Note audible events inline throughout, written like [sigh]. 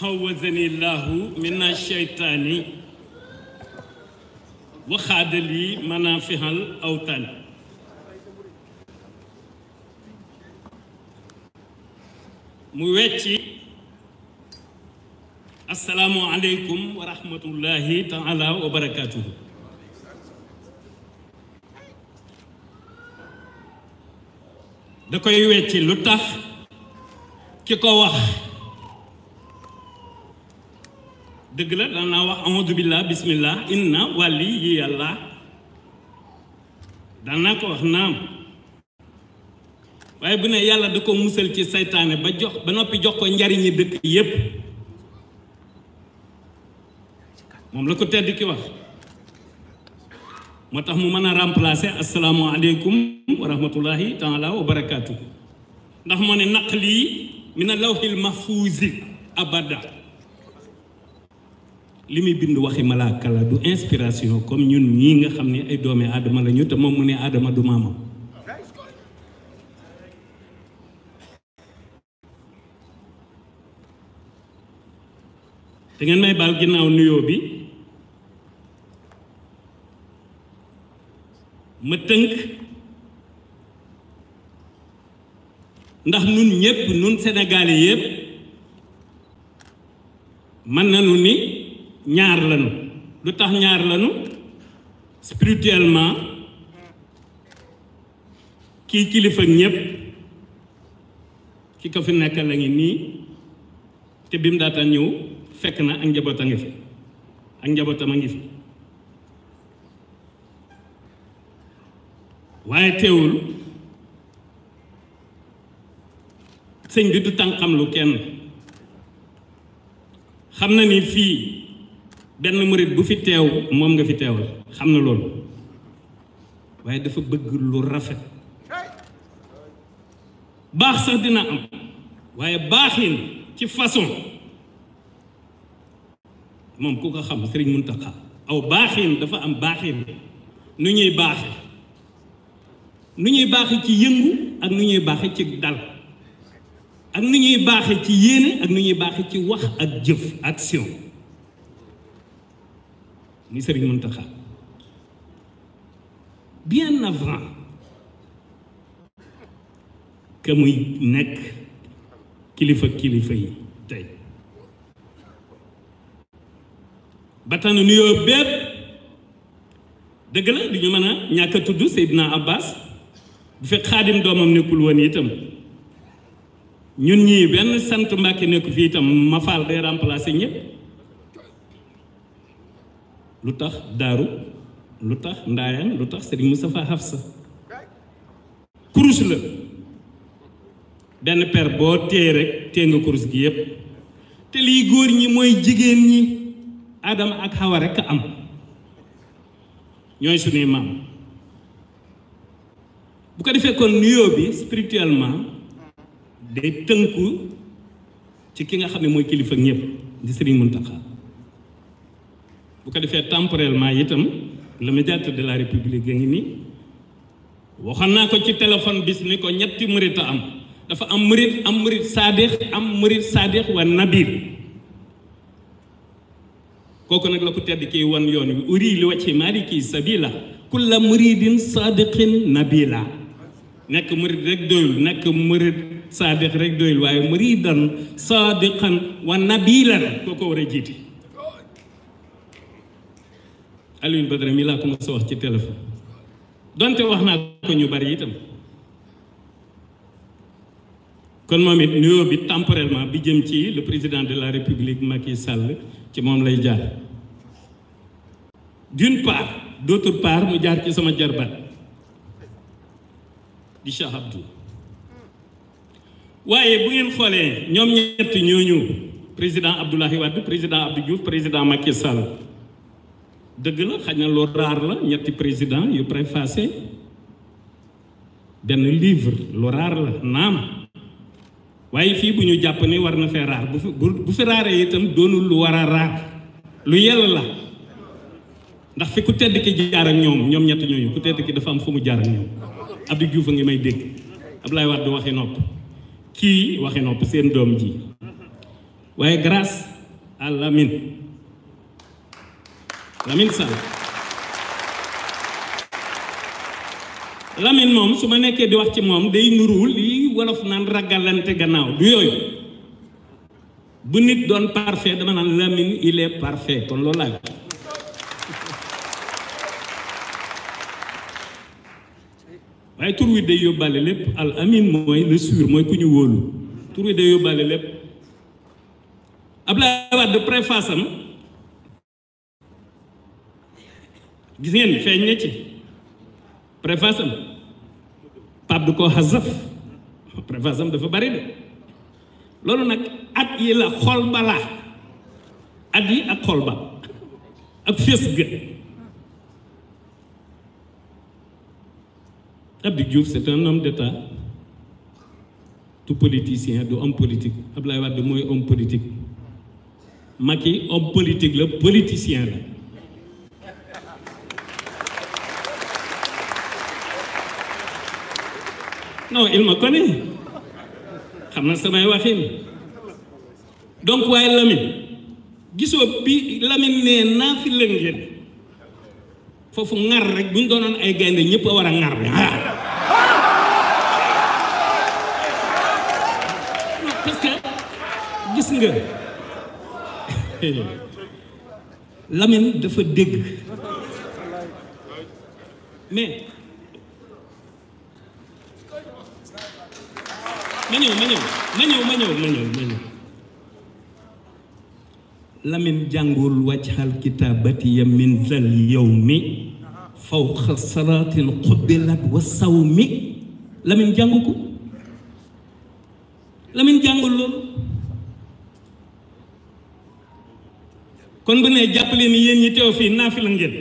hawazani llahu min asheytaani waxaada lii manafihal awtaan mu wecci asalaamu aleykum wa rahmatullahi taala wa barakatuhu da koy wecci lu tax ki ko wax dëgg la daan naa wax aoudu billah bismillah inna wàlli yi yàlla daan naa ko wax naam waaye bu ne yàlla da ko musal ci saytaane ba jox ba noppi jox ko njariñi dëkk yépp moom la ko tedd ki wax moo tax mu mën a remplacer asalaamualeykum wa rahmatullahi taala wa barakaatu ndax moo ne naqli min a lawhil mahfuuzi abada li muy bind waxi malaaka la du inspiration comme ñun ñii nga xam ne ay doomi aadama la ñu te moom mu ne aadama du maamam te ngeen may baal ginnaaw nuyoo bi ma tënk ndax nun ñépp nun sénégalais yépp mën nañu ni ñaar lañu lu tax ñaar lañu spirituellement kii kilifa ñépp ki ko fi nekk la ngi nii te bi daata ñëw fekk na ak njaboot a ngi fi ak njabootam a ngi fi waaye teewul sëñ bi du tànqam lu kenn xam na ni fii benn marit bu fi teew moom nga fi teewal xam na loolu waaye dafa bëgg lu rafet baax sax dina am waaye baaxin ci façon moom ku ko xam sëriñ Muntaxa aw baaxin dafa am baaxin nu ñuy baaxe nu ñuy baax ci yëngu ak ni ñuy baax ci dal ak nu ñuy baax ci yéene ak nu ñuy baax ci wax ak jëf action ni Sëriñ Muntaxa bien avant que muy nekk kilifa kilifa yi tey ba tax na nuyoo bépp dëgg la du ñu mën a ñàkk a tudd Seydina Abbas bu fekk xaadim doomam nekkul woon itam ñun ñii benn sant Mbàkke nekku fii itam ma faal day remplacer ñëpp lu tax daaru lu tax ndaayaan lu tax Serigne Moustapha Hafsa kurus la benn per boo téye rek téye kurus gi yépp te lii góor ñi mooy jigéen ñi Adama ak Hawa rekk a am ñooy sunuy maam bu ko defee kon nuyoo bi spirituellement day tënku ci ki nga xam ne mooy kilifa ñëpp di Serigne Mountakha bu ko defee temporellement itam le médiateur de la république a ngi nii waxoon naa ko ci téléphone bis ni ko ñetti murit am dafa am murit am murit saadix am murit saadix wa nabir kooku nag la ko tedd kii wan yoon wi uri li wàcce maari kii sabila kulla muridin saadiqin nabila nekk murid rek doyul nekk murid saadiq rek doyul waaye muridan saadiqan wa nabilan koo ko war a jiite Alioune Badara mi laa ko mos a wax ci téléphone donte wax naa ko ñu bari itam kon moom it nuyoo bi temporairement bi jëm ci le président de la république Macky sàll ci moom lay jaar d'une part d'autre part mu jaar ci sama jarbat di Cheikh Abdou waaye bu ngeen xoolee ñoom ñett ñooñu président Abdoulaye Wade président abu Diouf président Macky Sall dëgg la xaj na loolu raar la ñetti président yu préfacé benn livre lu raar la naam waaye fii bu ñu jàpp ni war na fee raar bu fi bu fi raaree itam doonul lu war a raar lu yell la ndax fi ku tedd ki jaar ak ñoom ñoom ñett ñooñu ku tedd ki dafa am fu mu jaar ñoom Abdou Diouf a ngi may dégg Abdoulaye Wade waxi nopp kii waxi nopp seen doom ji waaye grâce à Lamine Lamine Sall Lamine moom su ma nekkee di wax ci moom day nuru li wolof naan ragalante gannaaw du yooyu bu nit doon parfait dama naan Lamine il est kon loolu laa waaye tur wi day yóbbaale lépp al amin mooy le sûr mooy ku ñu wóolu tur wi day yóbbaale lépp Ablaye Wade préface am gis ngeen feeñ na ci préface am ko xasaf préface dafa bari loolu nag at yi la xol ba la at yi ak xol ba ak fés ga Abdou Diouf c'est un homme d'État du politicien du homme politique Ablaye Wade mooy homme politique Macky homme politique la politicien la non il me connaît xam na samay waxin donc waaye Lamine gisoo bi Lamine nee naa fi lëngeen foofu ŋar rek bu ñu doonoon ay gaynde ñëpp a war a ŋar bi ah. parce que gis nga [laughs] Lamine dafa dégg mais ma ñëw ma ñëw ma ñëw ma ñëw ma ñëw ma jàngul wàcc xal kitaabati ya min yow mi fawqa salaatil xubbilat wa sawmi lamin jàng lamin jàngul loolu kon bu ne jàpp leen yéen ñi teew fii naafila ngeen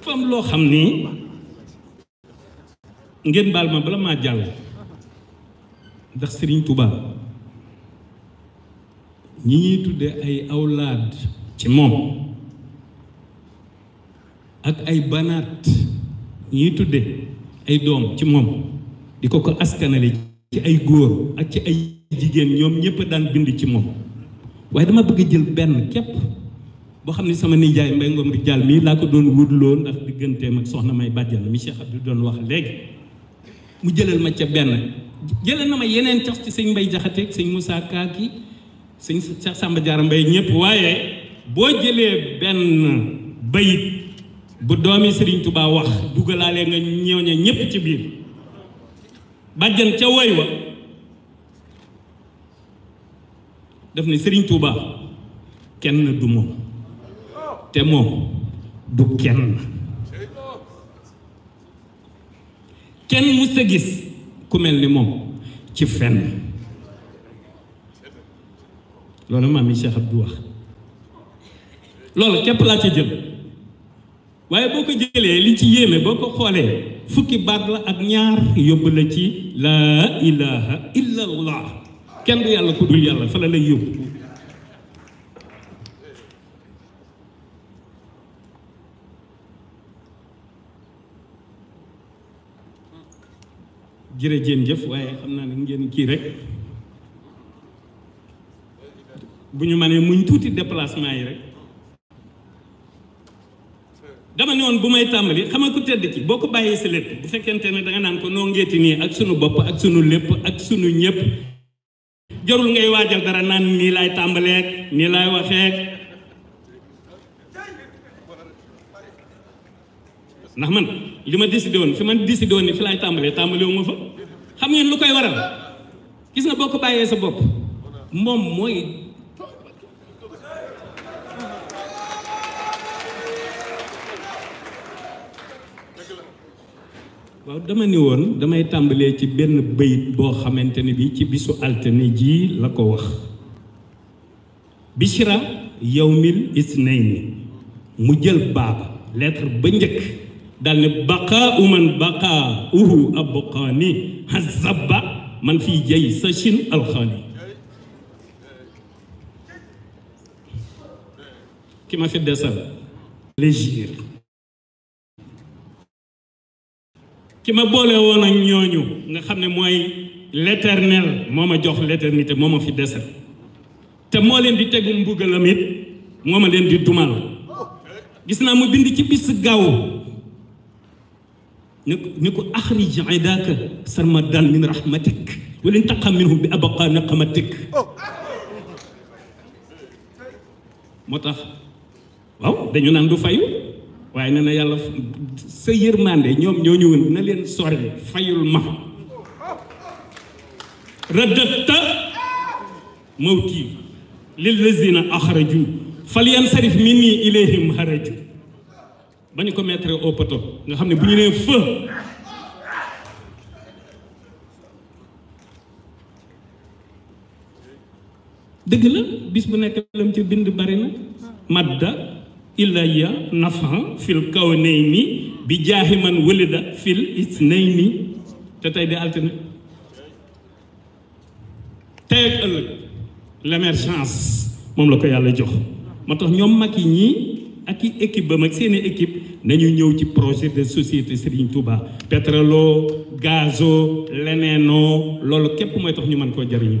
fam loo xam ni ngeen baal ma bala maa jàll ndax Sëriñ Tuubaa ñi ñuy tudde ay awlaad ci moom ak ay banaat ñuy tudde ay doom ci moom di ko ko askanale ci ay góor ak ci ay jigéen ñoom ñëpp daan bind ci moom waaye dama bëgg jël benn képp boo xam ne sama nijaay Mbay Ngom di jàll mii laa ko doon wut wutloo ndax digganteem ak soxna may bàjjan mi Cheikh Abdou doon wax léegi mu jëlal ma ca benn jëlal na ma yeneen tax ci sëñ Mbay Jaxate sëñ Moussa Kaaki sëñ Cheikh Samba Diarra Mbay ñëpp waaye boo jëlee benn bayit bu doomi Serigne Touba wax dugalaalee nga ñëwñe ñépp ci biir bàjjan ca woy wa daf ne Serigne kenn du moom te moom du kenn kenn mu sa gis ku mel ni moom ci fenn loolu maam mi Cheikh Abdou wax lool képp laa ci jël waaye boo ko jëlee li ci yéeme boo ko xoolee fukki baat la ak ñaar yóbbu la ci laa ilaha illa kenn du yàlla ku dul yàlla fa la lay yóbbu jërëjeen jëf waaye xam naa ne ngeen kii rek bu ñu mënee muñ tuuti déplacement yi rek dama ne woon bu may tàmbali xam nga ku tedd ci boo ko bàyyee sa lépp bu fekkente ne danga naan ko noo ngeeti nii ak sunu bopp ak sunu lépp ak sunu ñëpp jorul ngay waajal dara naan nii laay tàmbaleek nii laay waxeek ndax man li ma décidé woon fi man décidé woon ni fi laay tàmbalee tàmbalewu ma fa xam ngeen lu koy waral gis nga boo ko bàyyee sa bopp moom mooy waaw dama ni woon damay tàmbalee ci benn bayit boo xamante ni bi ci bisu altine ji la ko wax bishra yawmil isnayni mu jël baaba lettre ba njëkk dal ne baqaa uman baqaa uhu abqaani hazaba man fii jay sa chin alxaani ki ma fi desal légir ki ma boole woon ak ñooñu nga xam ne mooy l'éternel moo ma jox l'éternité moo ma fi desal te moo leen di tegu mbugalam moo ma leen di dumal gis naa mu bind ci bis gaaw ni ko ni ko axrij idaaka sarmadan min rahmatik wa lin taqa minhum bi abaqa naqamatik moo tax waaw dañu naan du fayu waaye nee na yàlla sa yërmande ñoom ñoo ñëwoon na leen sori fayul ma rëddëtta mawti lillazina axraju falyan sarif min nii ilayhim haraju ba ñu ko mettre au nga xam ne bu ñu nee feu dëgg la bis bu nekk lam ci bind bari madda ilayya nafa fil kawnayni bi jaahi man walida fil isnayni te tey de altine tey ak ëllëg l'émergence moom la ko yàlla jox moo tax ñoom mag yi ñii ak i équipe ba mag seeni équipe nañu ñëw ci projet de société Serigne Touba pétrole gazo leneenoo loolu képp mooy tax ñu mën koo jariñu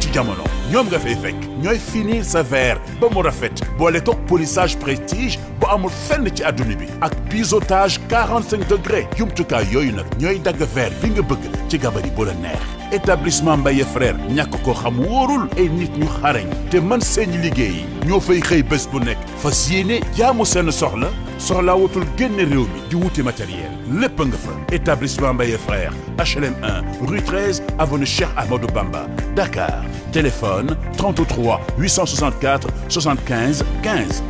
ci jamono ñoom nga fay fekk ñooy finir sa verre ba mu rafet boole ko polissage prestige bu amul fenn ci adduna bi ak biseautage 45 degré jumtukaay yooyu nag ñooy dagg verre bi nga bëgg ci gabari bu la neex. établissement Mbaye frère ñàkk ko xam wóorul ay nit ñu xarañ te mën seen liggéey ñoo fay xëy bés bu nekk fas yéene jaamu seen soxla soxlaa wutul génne réew di wuti matériel lépp nga fa établissement Mbaye frère HLM 1 rue 13 avenue Cheikh Amadou Bamba Dakar téléphone 33 864 75 15